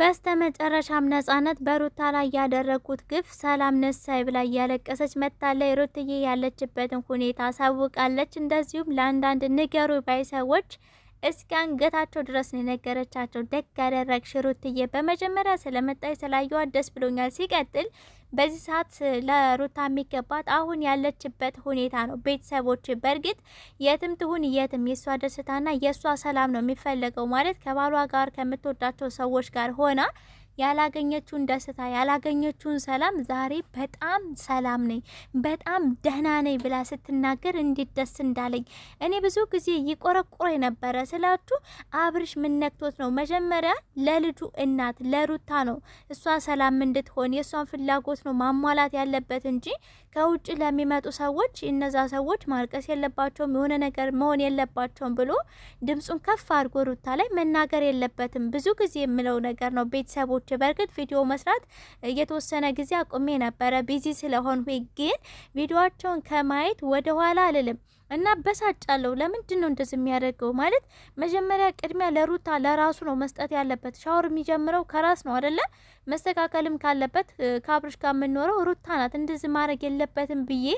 በስተ መጨረሻም ነጻነት በሩታ ላይ ያደረግኩት ግፍ ሰላም ነሳይ ብላ እያለቀሰች መታለች። ሩትዬ ያለችበትን ሁኔታ አሳውቃለች። እንደዚሁም ለአንዳንድ ንገሩ ባይ ሰዎች እስኪ አንገታቸው ድረስ ነው የነገረቻቸው። ደግ ያደረግሽ ሩትዬ፣ በመጀመሪያ ስለመጣይ ስላየኋት ደስ ብሎኛል። ሲቀጥል በዚህ ሰዓት ለሩታ የሚገባት አሁን ያለችበት ሁኔታ ነው። ቤተሰቦች በእርግጥ የትም ትሁን የትም የእሷ ደስታና የእሷ ሰላም ነው የሚፈለገው ማለት ከባሏ ጋር ከምትወዳቸው ሰዎች ጋር ሆና ያላገኘችውን ደስታ ያላገኘችውን ሰላም ዛሬ በጣም ሰላም ነኝ በጣም ደህና ነኝ ብላ ስትናገር እንዴት ደስ እንዳለኝ እኔ ብዙ ጊዜ ይቆረቆረ ነበረ ስላችሁ አብርሽ ምነክቶት ነው። መጀመሪያ ለልጁ እናት ለሩታ ነው እሷ ሰላም እንድትሆን የእሷን ፍላጎት ነው ማሟላት ያለበት እንጂ ከውጭ ለሚመጡ ሰዎች እነዛ ሰዎች ማልቀስ የለባቸውም የሆነ ነገር መሆን የለባቸውም ብሎ ድምፁን ከፍ አድርጎ ሩታ ላይ መናገር የለበትም። ብዙ ጊዜ የምለው ነገር ነው ቤተሰቦች ቤተሰቦች። በእርግጥ ቪዲዮ መስራት የተወሰነ ጊዜ አቁሜ ነበረ ቢዚ ስለሆንሁ፣ ግን ቪዲዮቸውን ከማየት ወደኋላ አልልም። እና በሳጫለው ለምንድን ነው እንደዚህ የሚያደርገው? ማለት መጀመሪያ ቅድሚያ ለሩታ ለራሱ ነው መስጠት ያለበት። ሻወር የሚጀምረው ከራስ ነው አደለ? መስተካከልም ካለበት ከአብርሽ ጋር የምንኖረው ሩታ ናት። እንደዚህ ማድረግ የለበትም ብዬ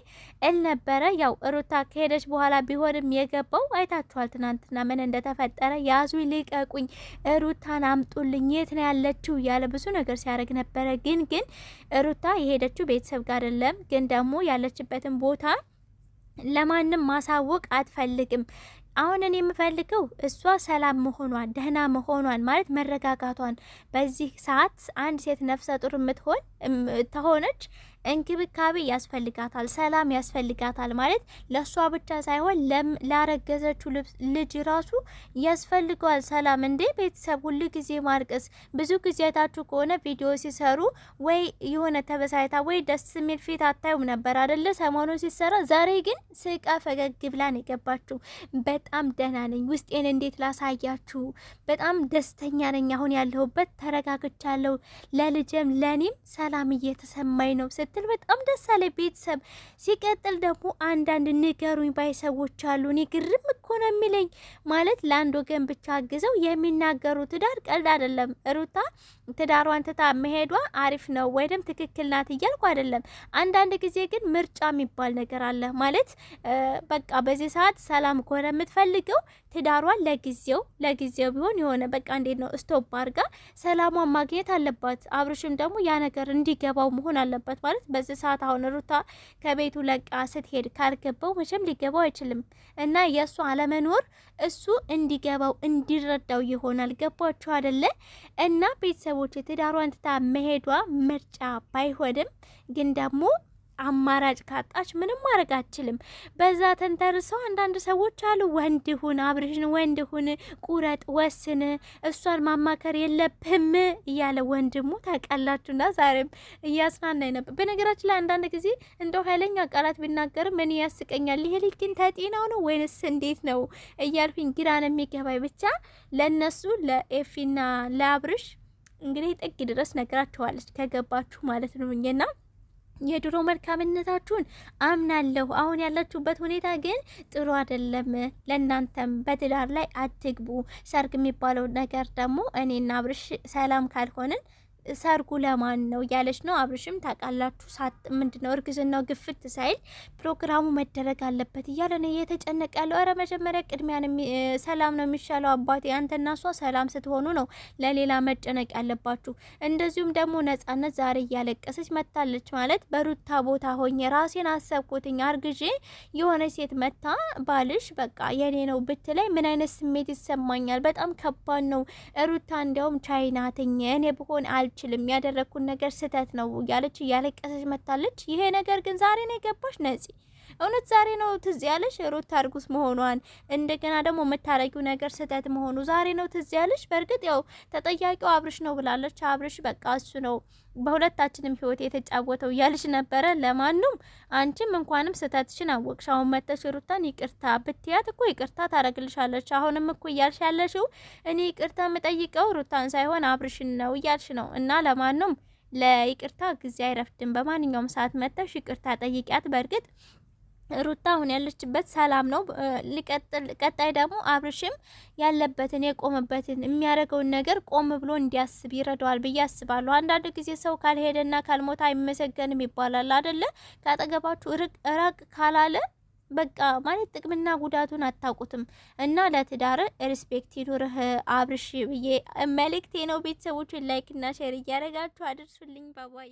ነበረ። ያው ሩታ ከሄደች በኋላ ቢሆንም የገባው አይታችኋል፣ ትናንትና ምን እንደተፈጠረ። ያዙ ልቀቁኝ፣ ሩታን አምጡልኝ፣ የት ነው ያለችው እያለ ብዙ ነገር ሲያደርግ ነበረ። ግን ግን ሩታ የሄደችው ቤተሰብ ጋር አደለም፣ ግን ደግሞ ያለችበትን ቦታ ለማንም ማሳወቅ አትፈልግም። አሁን እኔ የምፈልገው እሷ ሰላም መሆኗን ደህና መሆኗን ማለት መረጋጋቷን። በዚህ ሰዓት አንድ ሴት ነፍሰ ጡር የምትሆን ተሆነች እንክብካቤ ያስፈልጋታል፣ ሰላም ያስፈልጋታል። ማለት ለእሷ ብቻ ሳይሆን ላረገዘችው ልጅ ራሱ ያስፈልገዋል ሰላም። እንዴ ቤተሰብ ሁሉ ጊዜ ማርቀስ ብዙ ጊዜ አይታችሁ ከሆነ ቪዲዮ ሲሰሩ ወይ የሆነ ተበሳይታ ወይ ደስ የሚል ፊት አታዩም ነበር አደለ? ሰሞኑ ሲሰራ። ዛሬ ግን ስቃ ፈገግ ብላን የገባችሁ በጣም ደህና ነኝ፣ ውስጤን እንዴት ላሳያችሁ፣ በጣም ደስተኛ ነኝ፣ አሁን ያለሁበት ተረጋግቻለሁ፣ ለልጄም ለእኔም ሰላም እየተሰማኝ ነው ስት ሲቀጥል በጣም ደስ አለ ቤተሰብ። ሲቀጥል ደግሞ አንዳንድ ንገሩኝ ባይ ሰዎች አሉ። እኔ ግርም እኮ ነው የሚለኝ ማለት ለአንድ ወገን ብቻ አግዘው የሚናገሩ ትዳር ቀልድ አይደለም። ሩታ ትዳሯን ትታ መሄዷ አሪፍ ነው ወይም ትክክል ናት እያልኩ አይደለም። አንዳንድ ጊዜ ግን ምርጫ የሚባል ነገር አለ ማለት በቃ በዚህ ሰዓት ሰላም ከሆነ የምትፈልገው ትዳሯን ለጊዜው ለጊዜው ቢሆን የሆነ በቃ እንዴት ነው ስቶፕ አርጋ ሰላሟን ማግኘት አለባት። አብርሽም ደግሞ ያ ነገር እንዲገባው መሆን አለበት ማለት ማለት በዚህ ሰዓት አሁን ሩታ ከቤቱ ለቃ ስትሄድ ካልገባው መቼም ሊገባው አይችልም እና የእሱ አለመኖር እሱ እንዲገባው እንዲረዳው ይሆናል። ገባችሁ አደለ? እና ቤተሰቦች የትዳሯን ትታ መሄዷ ምርጫ ባይሆንም ግን ደግሞ አማራጭ ካጣች ምንም ማድረግ አትችልም። በዛ ተንተርሰው አንዳንድ ሰዎች አሉ ወንድ ሁን አብርሽን፣ ወንድ ሁን፣ ቁረጥ፣ ወስን፣ እሷን ማማከር የለብህም እያለ ወንድሙ ታውቃላችሁና፣ ዛሬም እያስናናኝ ነበር። በነገራችን ላይ አንዳንድ ጊዜ እንደው ኃይለኛ ቃላት ቢናገርም ምን ያስቀኛል። ይሄ ልጅ ግን ተጤናው ነው ወይንስ እንዴት ነው እያልኩኝ ግራ ነው የሚገባኝ። ብቻ ለእነሱ ለኤፊና ለአብርሽ እንግዲህ ጥግ ድረስ ነግራችኋለች ከገባችሁ ማለት ነው እኛና የድሮ መልካምነታችሁን አምናለሁ። አሁን ያላችሁበት ሁኔታ ግን ጥሩ አይደለም። ለእናንተም በትዳር ላይ አትግቡ። ሰርግ የሚባለው ነገር ደግሞ እኔና አብርሽ ሰላም ካልሆንን ሰርጉ ለማን ነው እያለች ነው። አብርሽም ታውቃላችሁ ሳት ምንድነው እርግዝናው ግፍት ሳይል ፕሮግራሙ መደረግ አለበት እያለ ነው እየተጨነቀ ያለው። ኧረ መጀመሪያ ቅድሚያ ሰላም ነው የሚሻለው አባቴ። አንተና እሷ ሰላም ስትሆኑ ነው ለሌላ መጨነቅ ያለባችሁ። እንደዚሁም ደግሞ ነጻነት ዛሬ እያለቀሰች መታለች ማለት በሩታ ቦታ ሆኜ ራሴን አሰብኩትኝ አርግዤ የሆነ ሴት መታ ባልሽ በቃ የኔ ነው ብትለኝ ምን አይነት ስሜት ይሰማኛል? በጣም ከባድ ነው ሩታ። እንዲያውም ቻይናትኝ እኔ ብሆን አል አልችልም፣ ያደረግኩን ነገር ስህተት ነው እያለች እያለቀሰች መታለች። ይሄ ነገር ግን ዛሬ ነው የገባች ነፂ እውነት ዛሬ ነው ትዝ ያለሽ ሩታ እርጉዝ መሆኗን፣ እንደገና ደግሞ የምታረጊው ነገር ስህተት መሆኑ ዛሬ ነው ትዝ ያለሽ። በእርግጥ ያው ተጠያቂው አብርሽ ነው ብላለች። አብርሽ በቃ እሱ ነው በሁለታችንም ህይወት የተጫወተው እያልሽ ነበረ። ለማንም አንቺም እንኳንም ስህተትሽን አወቅሽ። አሁን መተሽ ሩታን ይቅርታ ብትያት እኮ ይቅርታ ታረግልሻለች። አሁንም እኮ እያልሽ ያለሽው እኔ ይቅርታ የምጠይቀው ሩታን ሳይሆን አብርሽን ነው እያልሽ ነው። እና ለማንም ለይቅርታ ጊዜ አይረፍድም። በማንኛውም ሰዓት መተሽ ይቅርታ ጠይቂያት። በእርግጥ ሩታ አሁን ያለችበት ሰላም ነው። ሊቀጥል ቀጣይ ደግሞ አብርሽም ያለበትን የቆመበትን የሚያደርገውን ነገር ቆም ብሎ እንዲያስብ ይረዳዋል ብዬ አስባለሁ። አንዳንድ ጊዜ ሰው ካልሄደና ካልሞታ አይመሰገንም ይባላል አይደለ? ካጠገባችሁ ራቅ ካላለ በቃ ማለት ጥቅምና ጉዳቱን አታውቁትም። እና ለትዳር ሪስፔክት ይኑርህ አብርሽ ብዬ መልእክቴ ነው። ቤተሰቦችን ላይክና ሼር እያደረጋችሁ አድርሱልኝ። ባባይ